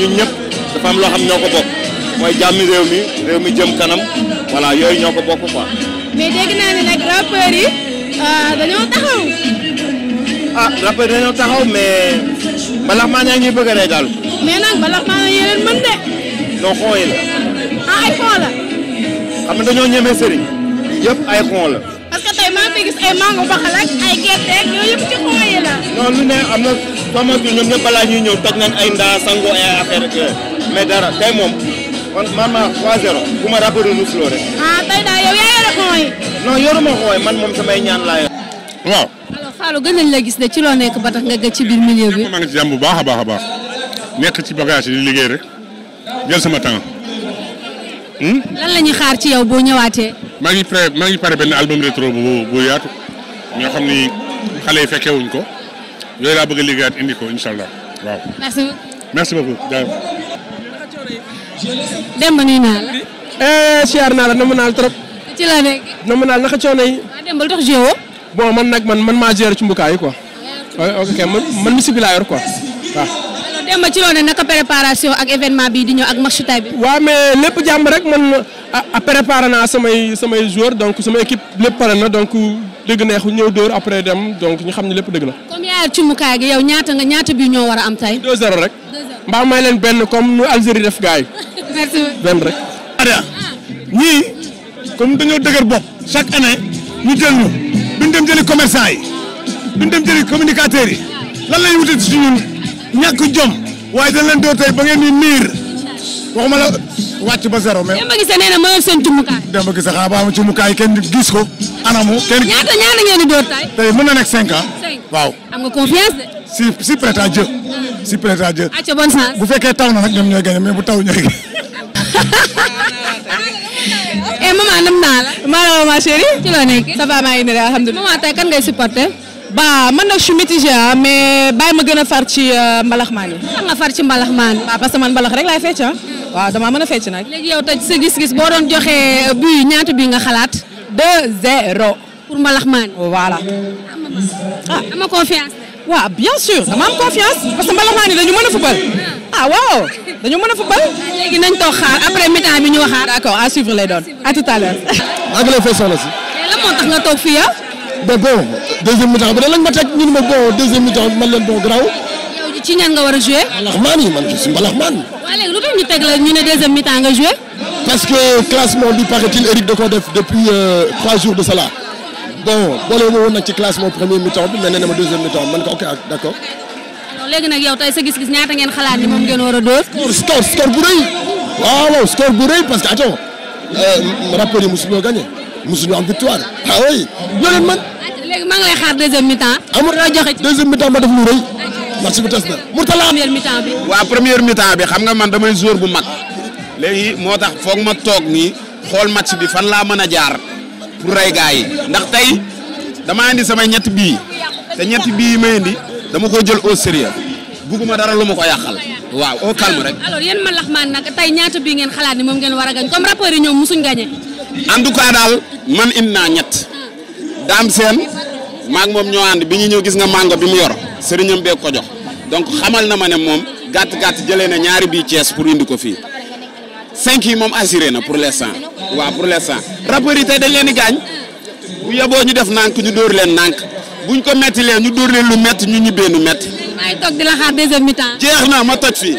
ñun ñëpp dafa am loo xam ñoo ko bokk mooy jàmmi réew mi réew mi jëm kanam voilà yooyu ñoo ko bokk quoi. mais dégg naa ne euh, dañoo taxaw. ah rappeurs dañoo taxaw mais mbalax maa ñaa ngi bëgg a rey daal. mais nag mbalax maa yeneen mën de. non xon yi ah, ay xon xam nga dañoo ñeme sëriñ yëpp ay xon ay mango baxal ak ay gerte ak yooyu yëpp ci xuma yi la. non lu ne am na sama kii ñoom ñëpp balaa ñuy ñëw toj nañ ay ndaa sango ay affaire ak mais dara tey moom man man maa 3-0 bu ma rappelé nu Flo moom samay ñaan laa yor. waaw. alors Fallou gën nañ la gis ne ci loo nekk ba tax nga gëj ci biir milieu bi. maa ngi ci jàmm bu baax a baax a baax nekk ci bagage yi liggéey rek jël sama temps. Hmm? lan la ñuy xaar ci yow boo ñëwaatee. maa ngi pare maa ngi pare benn album rétro bu bu yaatu ñoo xam ni xale yi fekke ko yooyu laa bëgg a liggéeyaat indi ko incha allah waaw. merci beaucoup merci beaucoup. Demba nuyu naa la. eh siyaar naa la namm naa la trop. ci la naa la naka coono yi. man nag man man maa jéer ci mbukaay yi quoi. ok man man musique bi laa yow Demba ci loolu naka préparation ak événement bi di ñëw ak match tay bi. waaw mais lépp jàmb rek man a préparé naa samay samay joueurs donc samay équipe lépp pare na donc dégg neexu ñëw door après dem donc ñu xam ne lépp dëgg la. comme yaayar cumukaay ñaata nga ñaata bi ñoo war a am tay 2-0 rek. 2 may leen benn comme nu Algérie def gars yi. merci benn rek. ada ñii comme dañoo dëgër bopp chaque année ñu jël ñu duñ dem jëli commerçant yi duñ dem jëli communicateurs yi lan lay wutati si ñun. ñàkk jom waaye dañ leen door tey ba ngeen ni niir ma la wàcc ba sero me Demba Guissé nee na ma yor seen cumukaay. Demba Guissé xaaral ba kenn gis ko. anamu kenn ñaata ñaata ngeen mën na nekk cinq ans. waaw am nga confiance de. si si prête à Dieu hmm. bu fekkee taw na nag ñoom ñooy mais bu taw ñooy gagné. eh na nam naa la. maa la ma chérie. ci loo nekk ça va maa ngi nii alhamdulilah. maman tey kan supporter. ba man na je suis mitigée ah mais bàyyi ma gën a far ci euh, mbalaxmaan yi. xam nga far ci mbalaxmaan. waaw parce que man mbalax rek laay fecc ah. waaw damaa mën a fecc nag. léegi yow toj gis-gis boo doon joxe euh, bii ñaata bii nga xalaat. 2-0. pour mbalaxmaan. voilà. ah, ah. a confiance. waaw bien sûr dama am confiance parce que mbalaxmaan ma dañu mën a fubal. ah ma ah, dañu mën a fubal. Ah, léegi nañ toog xaar après mi-temps bi ñu waxaat. d'accord à suivre lay doon à tout à l'heure. maa ngi lay fay soxna si. mais lan nga mais bon deuxième mi-temps bi de lañ ma ñu ma bon deuxième mi-temps bi man leen bon grave. yow ci ñan nga war a joué. mbalaxmaan yi man ci mbalaxmaan. waaw léegi lu tax ñu teg la ñu ne deuxième mi-temps nga joué. parce que classement bi paraît-il Eric da ko def depuis euh, trois jours de cela bon boole ma woon nag ci classement premier mi-temps bi mais nee na ma deuxième mi-temps man ko ok ah, d'accord. léegi nag yow tey sa gis-gis ñaata ngeen xalaat ni moom ngeen war a dóor. score score bu rëy. waaw score bu parce que attends euh, rappeurs yi mosuñoo gagné mosuñoo am victoire ah oui looleen man. léegi maa ngi lay xaar deuxième mi-temps. amul naa joxe ci deuxième mi-temps ba def lu rëy. match bi tas na Mourtala. première mi-temps bi. waaw première mi-temps bi xam nga man damay joueur bu mag. léegi moo tax foog ma toog nii xool match bi fan laa mën a jaar pour rey gars yi ndax tey dama indi samay ñetti bii te ñetti bii yi ma indi dama ko jël au sérieux bugguma dara lu ma ko yàqal. waaw au calme rek. alors yéen Malaxman nag tey ñaata bii ngeen xalaat ni moom ngeen war a gañ comme rappeurs yi ñoom musuñ gañe. en tout cas daal man indi naa ñett. Dame Sène maak moom ñoo ànd bi ñu ñëw gis nga mango bi mu yor sëriñam beeg ko jox donc xamal na ma ne moom gàtt gat jëlee na ñaari bii Thiès pour indi ko fii cinq yi moom assuré na pour l'instant waaw pour l'instant rappeurs yi tey dañ leen di gaañ bu yeboo ñu def nànk ñu dóor leen nànk buñ ko metti leen ñu dóor le lu métti ñu ñibbee nu métti. maa ngi toog jeex na ma toj fii.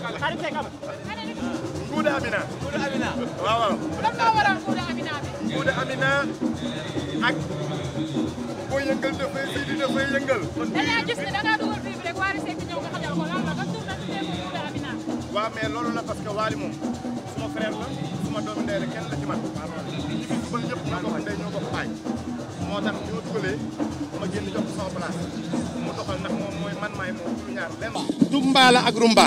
xarit Seck Amina. Gouda Amina waaw Amina bi. Gouda Amina ak boo yëngal dafay fii yëngal. da ngaa gis ne dugal fii bi rek Wally Seck ñëw nga xajal ko lan Amina. waaw mais loolu la parce que moom suma frère la suma ma génn mu doxal ndax moom mooy man maay moom du ñaar lenn. Dumbaala ak Rumba.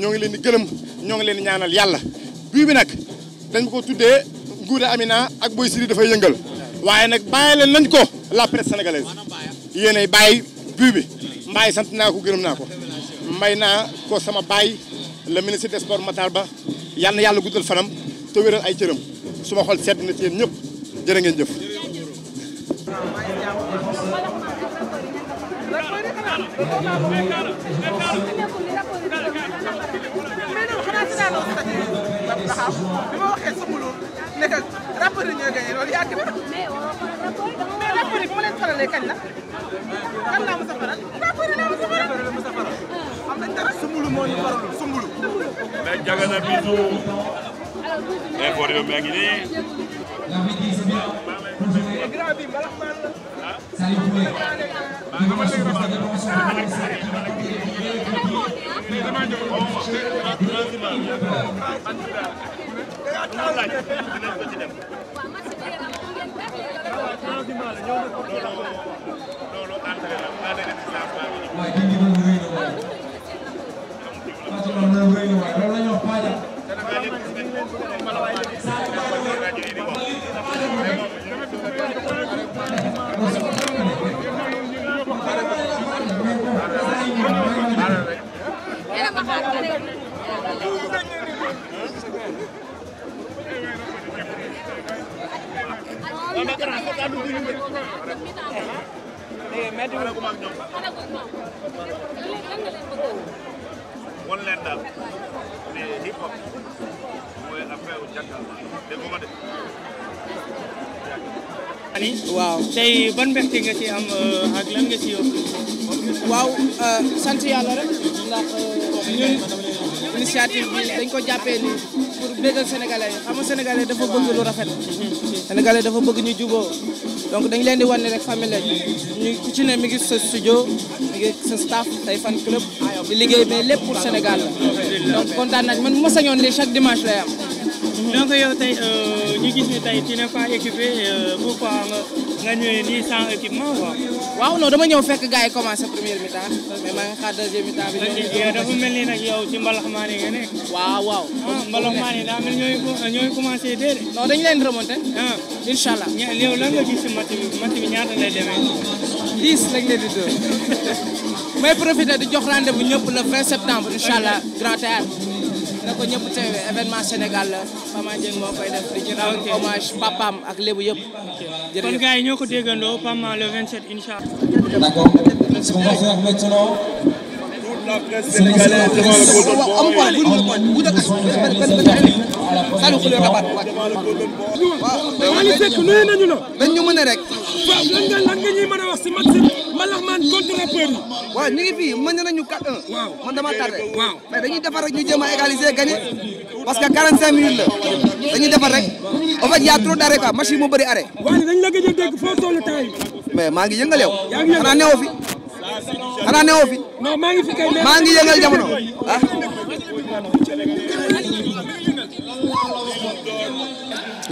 ñoo ngi leen di gërëm ñoo ngi leen ñaanal yàlla bii bi nag dañ ko tuddee Nguuda Amina ak Boy Siri dafa yëngal waaye nag bàyyi leen nañ ko la presse sénégalaise yéenay bàyyi bii bi mbaay sant naa ko gërëm naa ko mbay naa ko sama baay le ministre des sports Matar Ba yàlla yàlla guddal fanam te wéral ay cëram su ma xool sedd na ci yéen ñëpp jërë ngeen jëf non bi ma waxee sama loolu ne que rappeurs yi ñooy gagné loolu yàgg na. mais rappeurs yi bu ma leen faralee kañ la. kan laa mos a faral. rappeurs yi laa mos a faral. rappeurs yi laa mos a faral. am nañ dara sumbulu moo ñu faral sumbulu. mais jagana bisu. effort yooyu maa ngi nii. grand bi mbalax maan la. Thank you. waaye kii bi moom wéy na waaye. Fatou Ndao moom wéy na waaye loolu la ñu wax Paja. won leen daal ne hip waaw tey ban mbégte nga ci am euh, ak nga ci yokk waaw euh, sant rek ndax euh, ñun initiative bi dañ ko jàppee nii pour bégal sénégalais yi xam nga dafa bëgg lu rafet. sénégalais dafa bëgg ñu juboo donc dañ leen di wan ne rek famille lañ ñu ku ci ne mi ngi sa studio mi ngi sa staff say fan club di liggéey mais lépp pour Sénégal la kontaan nañ man bu ma sañoon lii chaque dimanche la am. Mhm. donc yow tey euh, ñu gis ne tey tu n'es pas équipé pourquoi nga nga ñëwee nii sans équipement quoi. waaw non dama ñëw fekk gars yi commencé première mi-temps mais maa ngi xaar deuxième mi-temps bi. ñëw dafa mel ni nag yow ci mbalaxmaan yi nga nekk. waaw waaw. ah mbalaxmaan yi daa mel ñooy ñooy commencé dee de. non dañu leen remonté. ah incha nga gis si match ñaata lay demee. 10 lañ leen di dóor may profité di jox rendez bu ñëpp la 20 septembre incha allah grand na ko ñëpp teewe événement Sénégal la Pama Dieng moo koy def di ci rendre hommage papaam ak lébu yëpp. jërëjëf kon gars yi ñoo ko déggandoo Pama le 27 incha allah. d'accord ce qu'on va faire maintenant. toute la presse sénégalaise devant le Saliou Khoulé Rabat waaw. Wally Seck nuyu nañu la. dañ ñu mën a rek. waaw lan nga lan nga ñuy mën a wax si bi Malaxman contre rappeur yi. waaw ñu ngi fii mën nañu 4-1. waaw man dama tardé. waaw mais dañuy defar rek ñu jéem a égaliser gagné parce que 45 minutes la dañuy defar rek en fait a trop d'arrêt quoi match yi moo bëri la gëj a dégg foo maa ngi yëngal yow. yaa ngi yëngal xanaa newoo fi. xanaa maa ngi fi maa ngi yëngal jamono ah.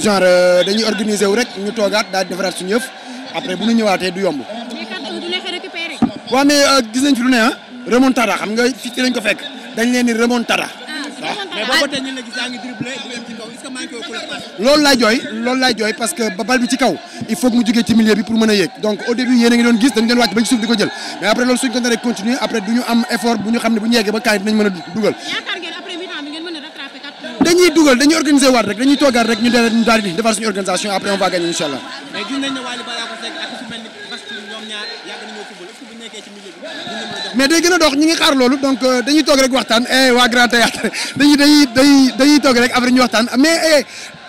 genre euh, dañuy organiser wu rek ñu toogaat daal di après bu ñu ñëwaatee du mais euh, gis nañ fi lu ne ah, remontada xam nga ci lañ ko fekk dañ leen remontada. Ah, ah, mais boo ko ñu ne gis ngi ci kaw est-ce que loolu loolu parce que ba bal bi ci il faut que mu jugee ci pour mën donc au début yéen a ngi doon gis dañu doon wàcc ba ci suuf di jël mais après loolu suñ ko naree continuer après du am effort bu ñu xam ne dañuy dugal dañuy organiser waat rek dañuy toogaat rek ñu dee ñu daal di defar suñu organisation après on va gagner mais gis nañ day gën a dox ñu ngi xaar loolu donc euh, dañuy toog rek waxtaan eh waa Grand Théâtre dañuy dañuy dañuy dañuy toog rek après ñu waxtaan mais eh,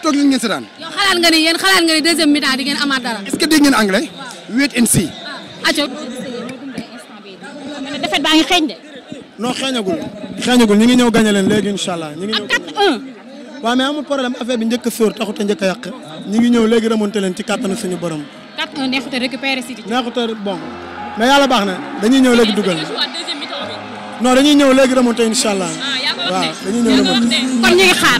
toog leen ngeen seetaan. yow xalaat nga ni yéen xalaat nga ni deuxième mi di ngeen amaat dara. est-ce que dégg ngeen anglais. wait and see. Ah. Ah, non xeeñagul xeeñagul ñi ngi ñëw gañe leen léegi incha allah ñi ngi ñëw 4-1 waaw mais amul problème affaire bi njëkk a sóor taxut a njëkk a ñi ngi ñëw léegi remonté leen ci kàttanu suñu borom 4-1 neexut a récupéré City neexut mais yàlla baax na dañuy ñëw léegi dugal non dañuy ñëw léegi remonté incha allah ah, waaw dañuy ñëw remonté kon ñu ngi xaar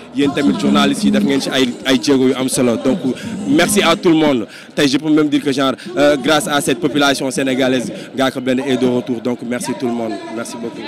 Il tamit a yi ci ay ay donc merci à tout le monde je peux même dire que grâce à cette population sénégalaise Gaka est de retour donc merci tout le monde merci beaucoup.